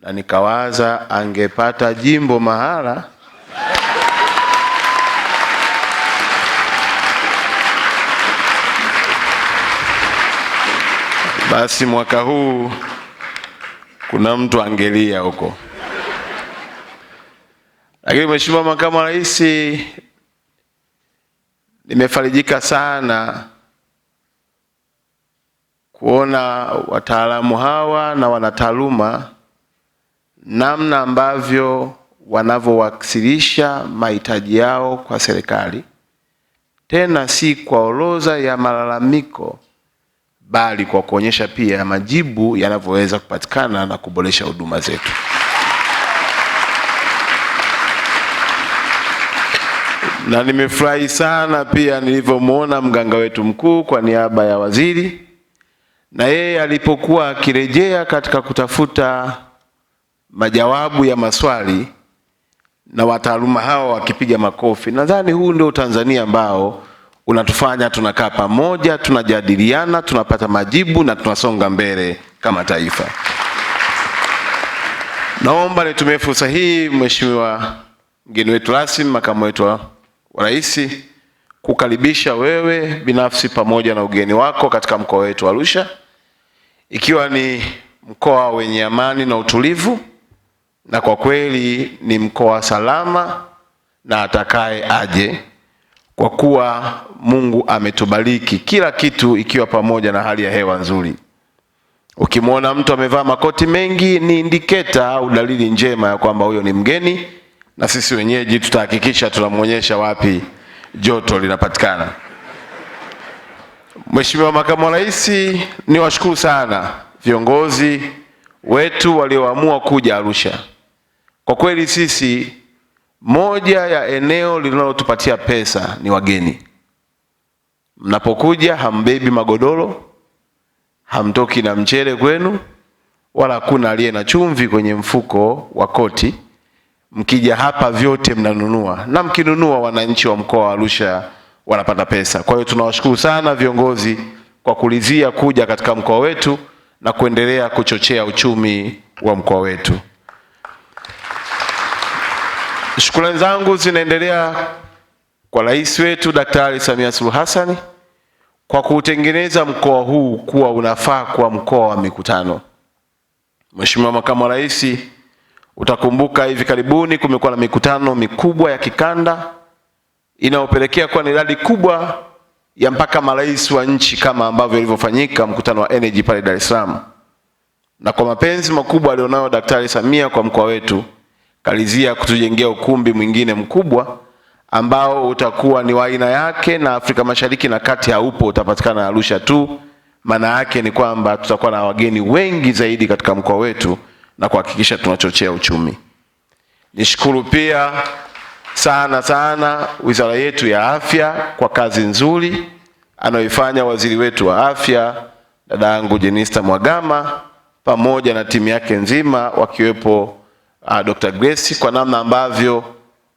na nikawaza angepata jimbo mahala basi mwaka huu kuna mtu angelia huko. Lakini Mheshimiwa Makamu wa Rais, nimefarijika sana kuona wataalamu hawa na wanataaluma namna ambavyo wanavyowasilisha mahitaji yao kwa serikali, tena si kwa orodha ya malalamiko, bali kwa kuonyesha pia majibu yanavyoweza kupatikana na kuboresha huduma zetu. Na nimefurahi sana pia nilivyomwona mganga wetu mkuu kwa niaba ya waziri, na yeye alipokuwa akirejea katika kutafuta majawabu ya maswali na wataaluma hawa wakipiga makofi. Nadhani huu ndio Tanzania ambao unatufanya tunakaa pamoja, tunajadiliana, tunapata majibu na tunasonga mbele kama taifa. Naomba nitumie fursa hii, Mheshimiwa mgeni wetu rasmi, makamu wetu wa rais, kukaribisha wewe binafsi pamoja na ugeni wako katika mkoa wetu Arusha, ikiwa ni mkoa wenye amani na utulivu na kwa kweli ni mkoa salama na atakaye aje, kwa kuwa Mungu ametubariki kila kitu, ikiwa pamoja na hali ya hewa nzuri. Ukimwona mtu amevaa makoti mengi, ni indiketa au dalili njema ya kwamba huyo ni mgeni, na sisi wenyeji tutahakikisha tunamwonyesha wapi joto linapatikana. Mheshimiwa Makamu wa Rais, niwashukuru sana viongozi wetu walioamua kuja Arusha. Kwa kweli sisi moja ya eneo linalotupatia pesa ni wageni. Mnapokuja hambebi magodoro, hamtoki na mchele kwenu, wala hakuna aliye na chumvi kwenye mfuko wa koti. Mkija hapa vyote mnanunua, na mkinunua, wananchi wa mkoa wa Arusha wanapata pesa. Kwa hiyo tunawashukuru sana viongozi kwa kulizia kuja katika mkoa wetu na kuendelea kuchochea uchumi wa mkoa wetu. Shukrani zangu zinaendelea kwa rais wetu Daktari Samia Suluhu Hassan kwa kuutengeneza mkoa huu kuwa unafaa kuwa mkoa wa mikutano. Mheshimiwa Makamu wa Rais, utakumbuka hivi karibuni kumekuwa na mikutano mikubwa ya kikanda inayopelekea kuwa na idadi kubwa ya mpaka marais wa nchi kama ambavyo ilivyofanyika mkutano wa energy pale Dar es Salaam, na kwa mapenzi makubwa alionayo Daktari Samia kwa mkoa wetu kalizia kutujengea ukumbi mwingine mkubwa ambao utakuwa ni wa aina yake, na Afrika Mashariki na Kati haupo, utapatikana Arusha tu. Maana yake ni kwamba tutakuwa na wageni wengi zaidi katika mkoa wetu na kuhakikisha tunachochea uchumi. Nishukuru pia sana sana wizara yetu ya afya kwa kazi nzuri anayoifanya waziri wetu wa afya dada yangu Jenista Mwagama pamoja na timu yake nzima wakiwepo uh, ah, Dr. Grace kwa namna ambavyo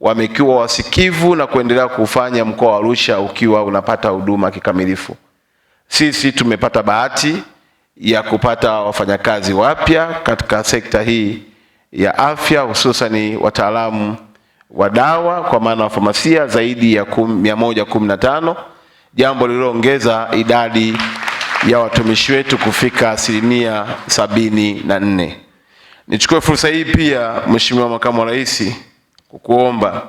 wamekuwa wasikivu na kuendelea kufanya mkoa wa Arusha ukiwa unapata huduma kikamilifu. Sisi tumepata bahati ya kupata wafanyakazi wapya katika sekta hii ya afya, hususani wataalamu wa dawa kwa maana wa famasia zaidi ya mia moja kumi na tano, jambo lililoongeza idadi ya watumishi wetu kufika asilimia sabini na nne. Nichukue fursa hii pia, Mheshimiwa Makamu wa Rais, kukuomba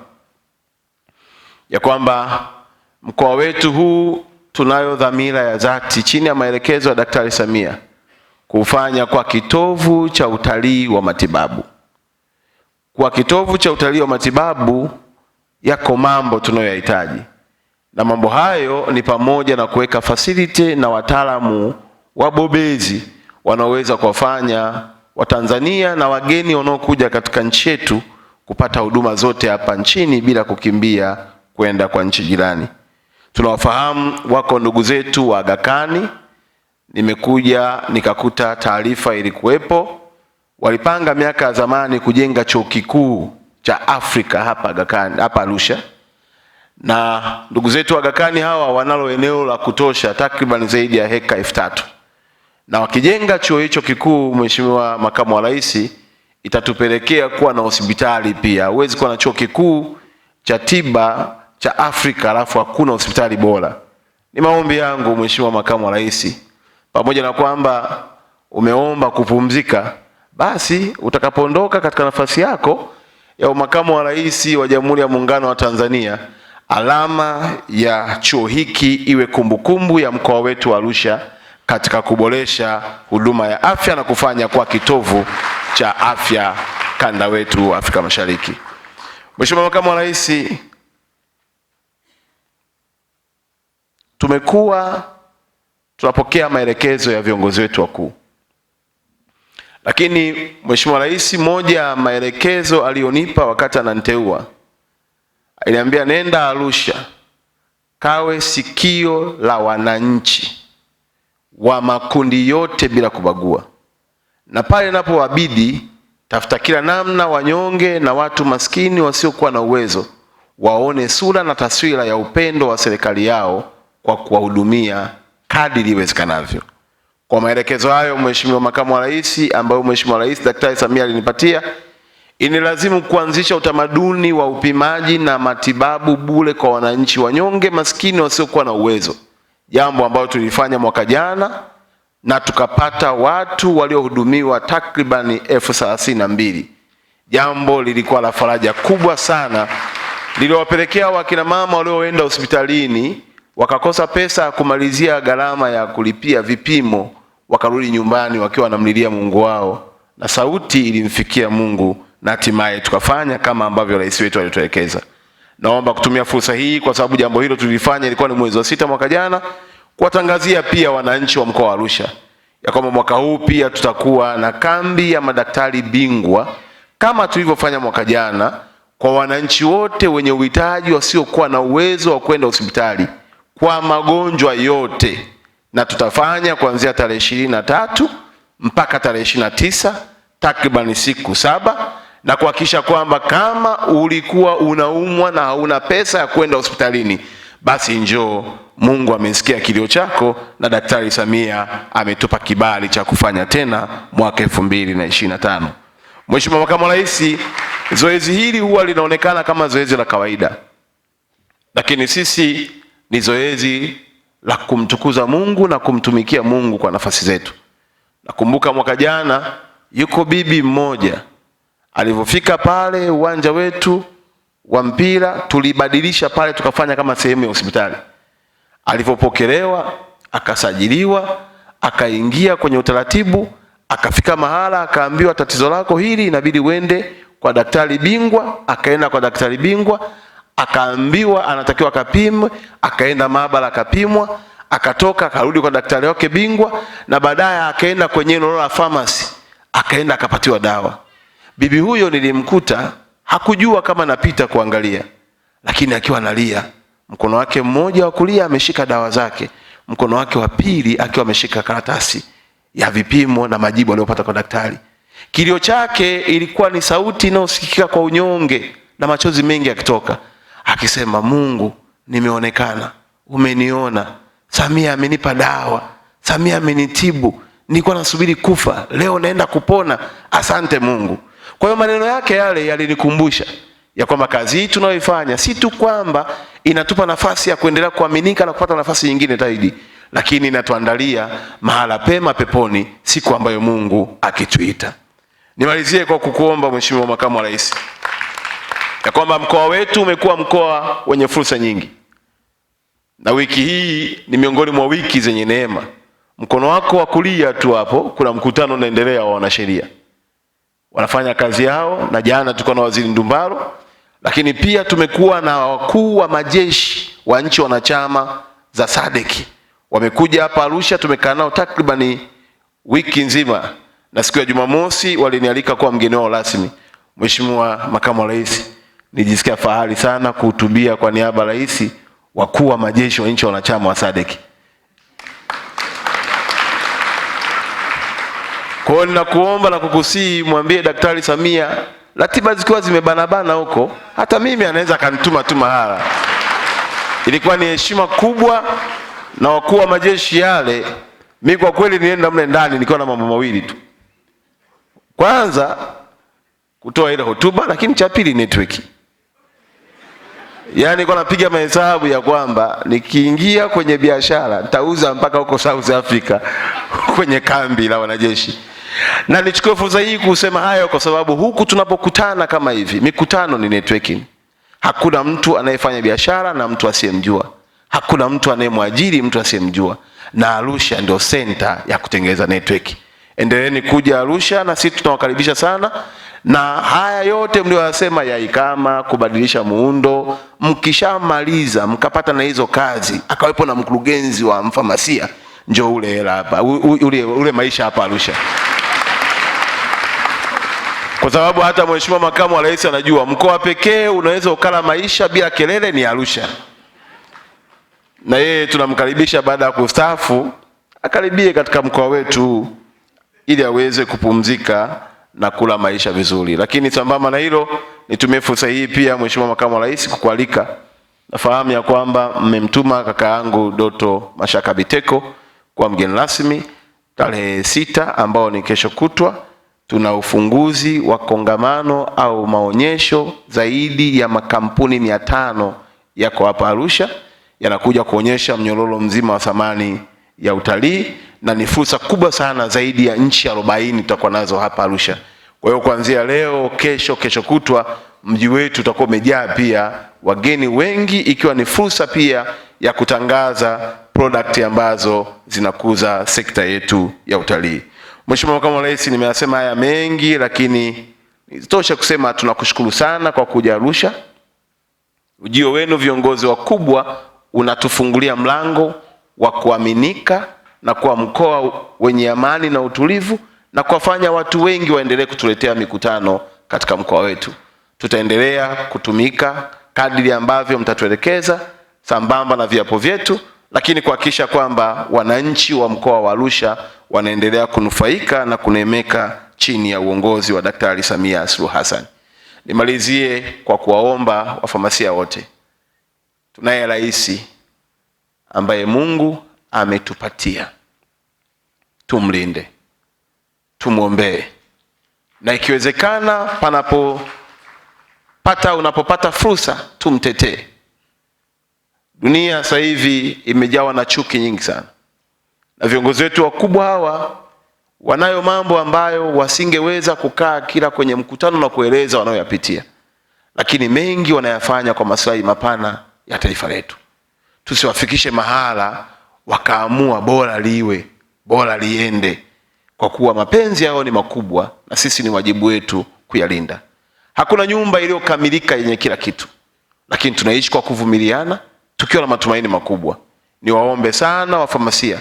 ya kwamba mkoa wetu huu tunayo dhamira ya dhati chini ya maelekezo ya Daktari Samia kufanya kwa kitovu cha utalii wa matibabu. Kwa kitovu cha utalii wa matibabu, yako mambo tunayoyahitaji, na mambo hayo ni pamoja na kuweka facility na wataalamu wabobezi wanaoweza kuwafanya Watanzania na wageni wanaokuja katika nchi yetu kupata huduma zote hapa nchini bila kukimbia kwenda kwa nchi jirani. Tunawafahamu, wako ndugu zetu wa Aga Khan. Nimekuja nikakuta taarifa ilikuwepo, walipanga miaka ya zamani kujenga chuo kikuu cha Afrika hapa Aga Khan, hapa Arusha, na ndugu zetu wa Aga Khan hawa wanalo eneo la kutosha takriban zaidi ya heka elfu tatu na wakijenga chuo hicho kikuu, Mheshimiwa Makamu wa Rais, itatupelekea kuwa na hospitali pia. Huwezi kuwa na chuo kikuu cha tiba cha Afrika alafu hakuna hospitali bora. Ni maombi yangu Mheshimiwa Makamu wa Rais, pamoja na kwamba umeomba kupumzika, basi utakapoondoka katika nafasi yako ya umakamu wa rais wa Jamhuri ya Muungano wa Tanzania, alama ya chuo hiki iwe kumbukumbu kumbu ya mkoa wetu wa Arusha katika kuboresha huduma ya afya na kufanya kuwa kitovu cha afya kanda wetu wa Afrika Mashariki. Mheshimiwa Makamu wa Rais, tumekuwa tunapokea maelekezo ya viongozi wetu wakuu, lakini Mheshimiwa Rais, moja ya maelekezo aliyonipa wakati ananiteua aliniambia, nenda Arusha kawe sikio la wananchi wa makundi yote bila kubagua, na pale inapowabidi, tafuta kila namna wanyonge na watu maskini wasiokuwa na uwezo waone sura na taswira ya upendo wa serikali yao kwa kuwahudumia kadiri iwezekanavyo. Kwa maelekezo hayo, Mheshimiwa Makamu wa Rais, ambayo Mheshimiwa Rais Daktari Samia alinipatia, inilazimu kuanzisha utamaduni wa upimaji na matibabu bure kwa wananchi wanyonge maskini wasiokuwa na uwezo jambo ambalo tulifanya mwaka jana na tukapata watu waliohudumiwa takribani elfu thelathini na mbili. Jambo lilikuwa la faraja kubwa sana, liliwapelekea wakina mama walioenda hospitalini wakakosa pesa ya kumalizia gharama ya kulipia vipimo, wakarudi nyumbani wakiwa wanamlilia Mungu wao, na sauti ilimfikia Mungu na hatimaye tukafanya kama ambavyo rais wetu alituelekeza. Naomba kutumia fursa hii kwa sababu jambo hilo tulifanya, ilikuwa ni mwezi wa sita mwaka jana, kuwatangazia pia wananchi wa mkoa wa Arusha ya kwamba mwaka huu pia tutakuwa na kambi ya madaktari bingwa kama tulivyofanya mwaka jana kwa wananchi wote wenye uhitaji wasiokuwa na uwezo wa kwenda hospitali kwa magonjwa yote, na tutafanya kuanzia tarehe ishirini na tatu mpaka tarehe ishirini na tisa takriban siku saba na kuhakikisha kwamba kama ulikuwa unaumwa na hauna pesa ya kwenda hospitalini, basi njoo. Mungu amesikia kilio chako na Daktari Samia ametupa kibali cha kufanya tena mwaka 2025. Mheshimiwa Makamu Rais, zoezi hili huwa linaonekana kama zoezi la kawaida, lakini sisi ni zoezi la kumtukuza Mungu na kumtumikia Mungu kwa nafasi zetu. Nakumbuka mwaka jana yuko bibi mmoja Alivyofika pale uwanja wetu wa mpira tulibadilisha pale tukafanya kama sehemu ya hospitali. Alivyopokelewa akasajiliwa, akaingia kwenye utaratibu, akafika mahala akaambiwa, tatizo lako hili, inabidi uende kwa daktari bingwa. Akaenda kwa daktari bingwa, akaambiwa anatakiwa akapimwe, akaenda maabara akapimwa, akatoka akarudi kwa daktari wake bingwa, na baadaye akaenda kwenye Inola pharmacy, akaenda akapatiwa dawa. Bibi huyo nilimkuta hakujua kama napita kuangalia, lakini akiwa analia, mkono wake mmoja wa kulia ameshika dawa zake, mkono wake wa pili akiwa ameshika karatasi ya vipimo na majibu aliyopata kwa daktari. Kilio chake ilikuwa ni sauti inayosikika kwa unyonge na machozi mengi akitoka, akisema, Mungu, nimeonekana, umeniona, Samia amenipa dawa, Samia amenitibu, nilikuwa nasubiri kufa, leo naenda kupona, asante Mungu. Kwa hiyo maneno yake yale yalinikumbusha ya kwamba kazi hii tunayoifanya si tu kwamba inatupa nafasi ya kuendelea kuaminika na kupata nafasi nyingine zaidi, lakini inatuandalia mahala pema peponi siku ambayo Mungu akituita. Nimalizie kwa kukuomba Mheshimiwa Makamu wa Rais, ya kwamba mkoa wetu umekuwa mkoa wenye fursa nyingi, na wiki hii ni miongoni mwa wiki zenye neema. Mkono wako wa kulia tu hapo kuna mkutano unaendelea wa wanasheria wanafanya kazi yao, na jana tulikuwa na waziri Ndumbaro, lakini pia tumekuwa na wakuu wa majeshi wa nchi wanachama za Sadeki wamekuja hapa Arusha, tumekaa nao takribani wiki nzima, na siku ya Jumamosi walinialika kuwa mgeni wao rasmi. Mheshimiwa Makamu wa Rais, nijisikia fahari sana kuhutubia kwa niaba ya rais wakuu wa majeshi wa nchi wanachama wa Sadeki. Kwa hiyo ninakuomba na kukusii, mwambie Daktari Samia, ratiba zikiwa zimebanabana huko, hata mimi anaweza akanituma tu mahala. Ilikuwa ni heshima kubwa na wakuu wa majeshi yale. Mi kwa kweli nienda mle ndani nikiwa na mambo mawili tu, kwanza kutoa ile hotuba, lakini cha pili network. Yaani kwa napiga mahesabu ya kwamba nikiingia kwenye biashara nitauza mpaka huko South Africa kwenye kambi la wanajeshi. Na nichukue fursa hii kusema hayo kwa sababu huku tunapokutana kama hivi, mikutano ni networking. Hakuna mtu anayefanya biashara na mtu asiyemjua. Hakuna mtu anayemwajiri mtu asiyemjua. Na Arusha ndio center ya kutengeneza network. Endeleeni kuja Arusha na sisi tunawakaribisha sana. Na haya yote mlioyasema ya ikama, kubadilisha muundo, mkishamaliza mkapata na hizo kazi, akawepo na mkurugenzi wa mfamasia, njoo ule hela hapa, ule, ule maisha hapa Arusha kwa sababu hata mheshimiwa makamu wa rais anajua mkoa pekee unaweza ukala maisha bila kelele ni Arusha, na yeye tunamkaribisha baada ya kustaafu akaribie katika mkoa wetu ili aweze kupumzika na kula maisha vizuri. Lakini sambamba na hilo, nitumie fursa hii pia mheshimiwa makamu wa rais kukualika. Nafahamu ya kwamba mmemtuma kaka yangu Doto Mashaka Biteko kwa mgeni rasmi tarehe sita ambao ni kesho kutwa tuna ufunguzi wa kongamano au maonyesho zaidi ya makampuni mia tano yako hapa Arusha, yanakuja kuonyesha mnyororo mzima wa thamani ya utalii, na ni fursa kubwa sana. Zaidi ya nchi arobaini tutakuwa nazo hapa Arusha. Kwa hiyo kuanzia leo, kesho, kesho kutwa, mji wetu utakuwa umejaa pia wageni wengi, ikiwa ni fursa pia ya kutangaza product ambazo zinakuza sekta yetu ya utalii. Mheshimiwa Makamu wa Rais, nimeyasema haya mengi, lakini tosha kusema tunakushukuru sana kwa kuja Arusha. Ujio wenu viongozi wakubwa unatufungulia mlango wa kuaminika na kuwa mkoa wenye amani na utulivu na kuwafanya watu wengi waendelee kutuletea mikutano katika mkoa wetu. Tutaendelea kutumika kadri ambavyo mtatuelekeza, sambamba na viapo vyetu, lakini kuhakikisha kwamba wananchi wa mkoa wa Arusha wanaendelea kunufaika na kunemeka chini ya uongozi wa Daktari Samia Suluhu Hassan. Nimalizie kwa kuwaomba wafamasia wote, tunaye rais ambaye Mungu ametupatia, tumlinde, tumwombee, na ikiwezekana, panapopata unapopata fursa, tumtetee. Dunia sasa hivi imejawa na chuki nyingi sana na viongozi wetu wakubwa hawa wanayo mambo ambayo wasingeweza kukaa kila kwenye mkutano na kueleza wanayoyapitia, lakini mengi wanayafanya kwa maslahi mapana ya taifa letu. Tusiwafikishe mahala wakaamua bora liwe bora liende, kwa kuwa mapenzi yao ni makubwa, na sisi ni wajibu wetu kuyalinda. Hakuna nyumba iliyokamilika yenye kila kitu, lakini tunaishi kwa kuvumiliana, tukiwa na matumaini makubwa. Niwaombe sana wafamasia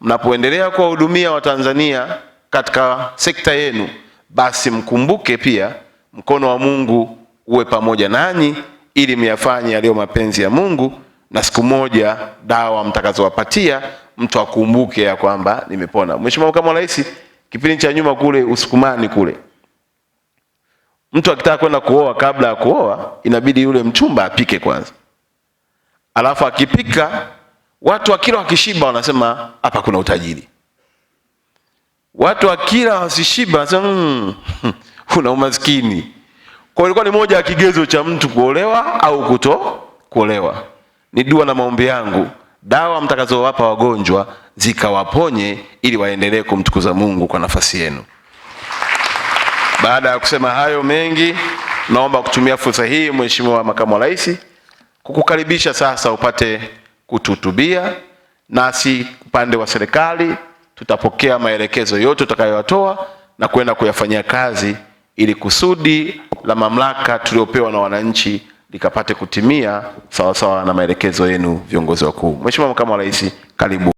mnapoendelea kuwahudumia Watanzania katika sekta yenu, basi mkumbuke pia mkono wa Mungu uwe pamoja nanyi, ili myafanye yaliyo mapenzi ya Mungu, na siku moja dawa mtakazowapatia mtu akumbuke ya kwamba nimepona. Mheshimiwa Makamu wa Rais, kipindi cha nyuma kule Usukumani kule, mtu akitaka kwenda kuoa, kabla ya kuoa inabidi yule mchumba apike kwanza, alafu akipika Watu wa kila wakishiba wanasema hapa kuna utajiri. Watu wa kila wasishiba wanasema mmm, kuna umaskini. Kwa hiyo ilikuwa ni moja ya kigezo cha mtu kuolewa au kuto kuolewa. Ni dua na maombi yangu, dawa mtakazowapa wagonjwa zikawaponye ili waendelee kumtukuza Mungu kwa nafasi yenu. Baada ya kusema hayo mengi, naomba kutumia fursa hii Mheshimiwa Makamu wa Rais kukukaribisha sasa upate kutuhutubia, nasi upande wa serikali tutapokea maelekezo yote utakayoyatoa na kwenda kuyafanyia kazi ili kusudi la mamlaka tuliopewa na wananchi likapate kutimia sawasawa na maelekezo yenu viongozi wakuu. Mheshimiwa Makamu wa Rais, karibu.